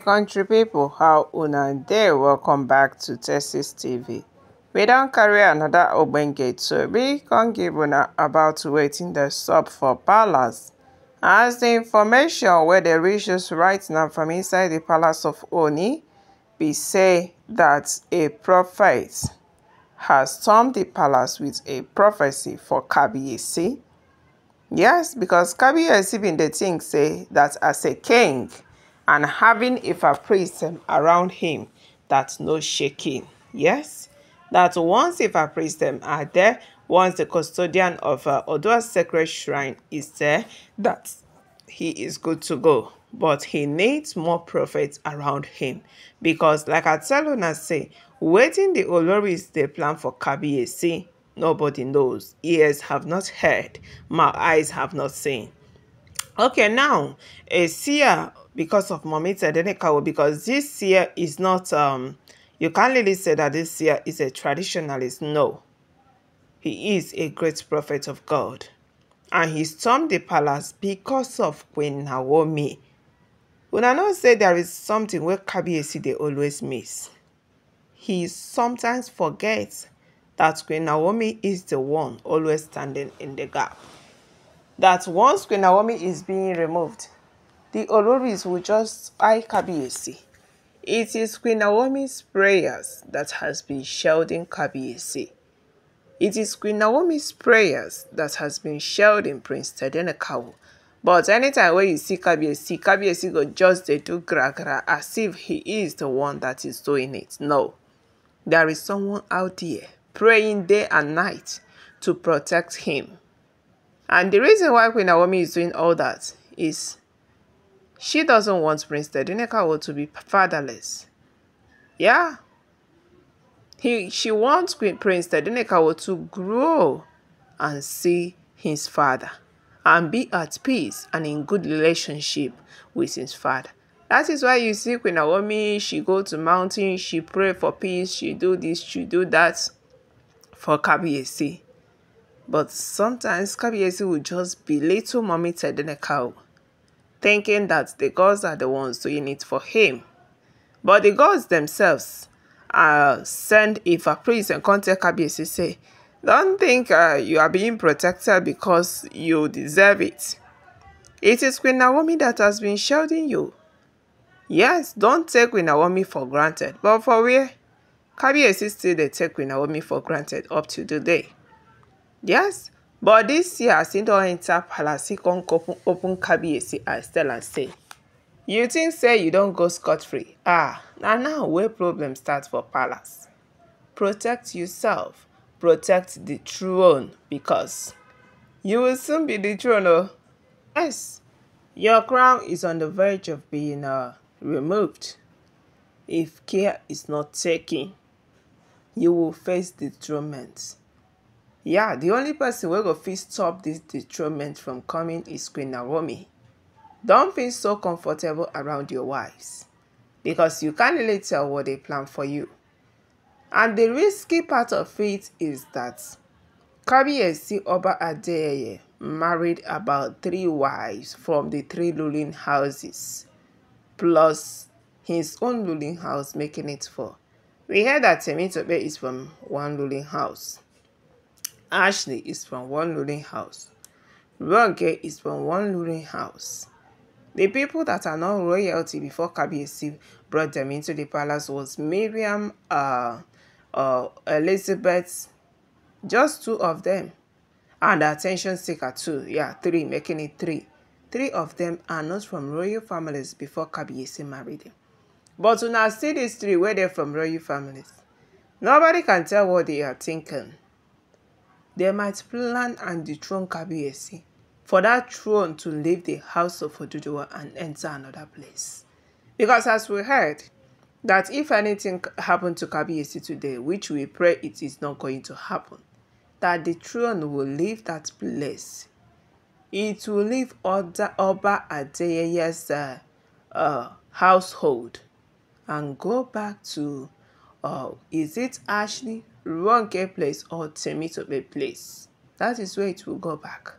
country people, how una dey welcome back to texas tv we don't carry another open so we can't give una about waiting the sub for palace as the information wey dey reach us right now from inside the palace of oni we say that a prophet has stormed the palace with a prophecy for kabiyesi yes because kabiyesi been the thing say that as a king and having a vaprism around him that's no shaking. Yes, that once if a them are there, once the custodian of uh, Odua's sacred shrine is there, that he is good to go. But he needs more prophets around him. Because like I tell Una say, waiting the Oloris is the plan for see, Nobody knows. Ears have not heard. My eyes have not seen. Okay, now a seer because of mommy Tedenekawo, because this seer is not um you can't really say that this seer is a traditionalist. No. He is a great prophet of God. And he stormed the palace because of Queen Naomi. When I know say there is something where Kabiesi they always miss. He sometimes forgets that Queen Naomi is the one always standing in the gap that once Queen Naomi is being removed, the Oloris will just eye Kabiesi. It is Queen Naomi's prayers that has been shielding Kabiesi. It is Queen Naomi's prayers that has been shielding Prince Tedenekau. But anytime when you see Kabiesi, Kabiesi go just they do gra gra as if he is the one that is doing it. No, there is someone out there praying day and night to protect him. And the reason why Queen Naomi is doing all that is she doesn't want Prince Tedinekawo to be fatherless. Yeah. He, she wants Queen Prince Tedinekawo to grow and see his father and be at peace and in good relationship with his father. That is why you see Queen Naomi, she go to mountain, she pray for peace, she do this, she do that for Kabiyesi. But sometimes Kabiesi would just be belittle mommy Tedenekau, thinking that the gods are the ones doing it for him. But the gods themselves uh, send a priest and contact Kabiesi say, don't think uh, you are being protected because you deserve it. It is Queen Naomi that has been shielding you. Yes, don't take Queen Naomi for granted. But for where? Kabiesi still they take Queen Naomi for granted up to today. Yes, but this year Asinte don enter palace come open, open Kabiyesi eyes tell say you think say you don't go scot-free ah now now where problem start for palace. Protect yourself, protect the throne because you will soon be the throne Oh. Yes, your crown is on the verge of being uh, removed. If care is not taken, you will face the dethronement. Yeah, the only person going go fit stop this detriment from coming is Queen Naomi. Don't feel so comfortable around your wives because you can't really tell what they plan for you. And the risky part of it is that Kabiyesi Oba Ade married about three wives from the three ruling houses, plus his own ruling house making it four. We hear that Temitope is from one ruling house. Ashley is from one ruling house. Ronke is from one ruling house. The people that are not royalty before Kabiesi brought them into the palace was Miriam, uh, uh, Elizabeth, just two of them. And attention seeker too, yeah, three, making it three. Three of them are not from royal families before Kabiesi married them. But una see these three where they're from royal families. Nobody can tell what they are thinking they might plan and dethrone Kabiyesi for that throne to leave the house of Oduduwa and enter another place. Because as we heard, that if anything happened to Kabiyesi today, which we pray it is not going to happen, that the throne will leave that place. It will leave Oda, Oba Adeyeye's uh, uh, household and go back to, uh, is it Ashley Ronke place or Temitope place. That is where it will go back.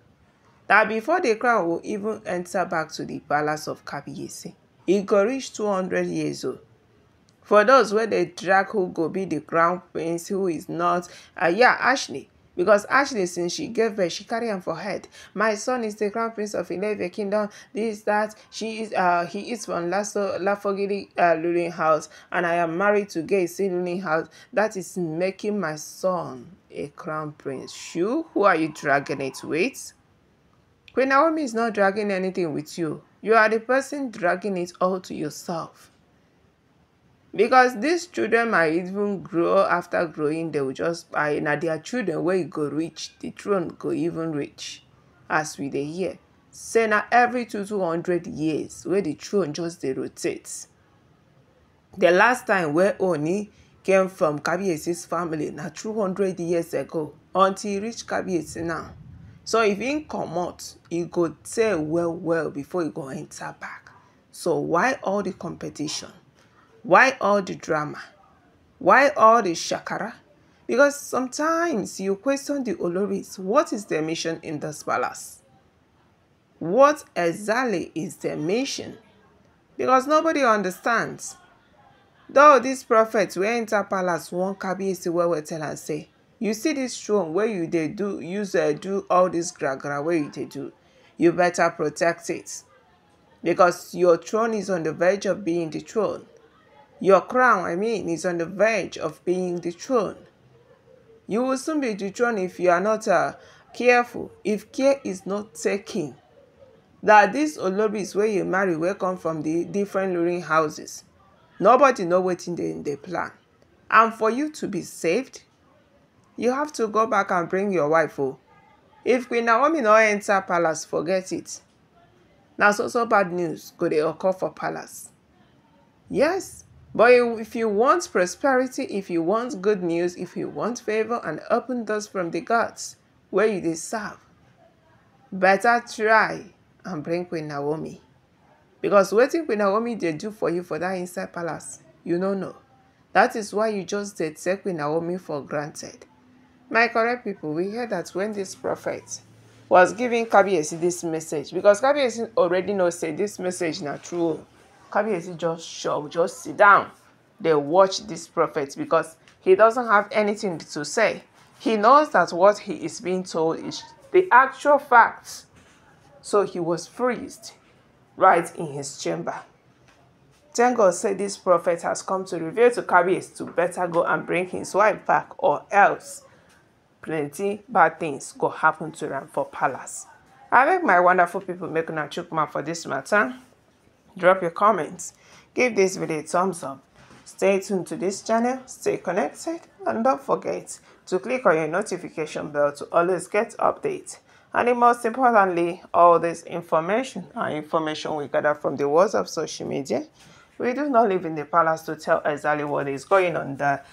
That before the crown will even enter back to the palace of Kabiyesi, it go reach 200 years old. For those where they drag who go be the crown prince who is not yeah, Ashley, because actually, since she gave birth she carry am for head my son is the crown prince of ileve kingdom this that she is uh, he is from lasso lafogili uh, ruling house and i am married to gaysi ruling house that is making my son a crown prince you who are you dragging it with queen naomi is not dragging anything with you you are the person dragging it all to yourself because these children might even grow after growing they will just buy now their children wey go reach the throne go even reach as we they hear say now every two two hundred years where the throne just they rotate The last time where oni came from kabiyesi's family now two hundred years ago until he reached kabiyesi now so if he come out, he go tey well well before he go enter back so why all the competition Why all the drama? Why all the shakara? Because sometimes you question the Oloris, what is their mission in this palace? What exactly is their mission? Because nobody understands. Though these prophets will enter palace, one Kabi is where we tell and say, you see this throne where you they do use uh, do all this gragra where you they do, you better protect it. Because your throne is on the verge of being the throne. Your crown, I mean, is on the verge of being dethroned. You will soon be dethroned if you are not uh, careful, if care is not taken. That these Olobis where you marry will come from the different luring houses. Nobody know what in the plan. And for you to be saved, you have to go back and bring your wife o. Oh. If Queen Naomi no enter palace, forget it. Na so so bad news Could dey occur for palace. Yes, But if you want prosperity, if you want good news, if you want favor and open doors from the gods where you deserve, better try and bring Queen Naomi. Because waiting Queen Naomi they do for you for that inside palace, you no know. That is why you just did take Queen Naomi for granted. My correct people, we hear that when this prophet was giving Kabiyesi this message, because Kabiyesi already know say this message not true Kabiyesi just show, just sit down. They watch this prophet because he doesn't have anything to say. He knows that what he is being told is the actual facts. So he was freezed right in his chamber. Then God said this prophet has come to reveal to Kabiyesi to better go and bring his wife back or else plenty bad things go happen to them for palace. I beg my wonderful people make a chukma for this matter. Drop your comments. Give this video a thumbs up. Stay tuned to this channel, stay connected, and don't forget to click on your notification bell to always get updates. And most importantly, all this information and information we gather from the world of social media, we do not live in the palace to tell exactly what is going on there.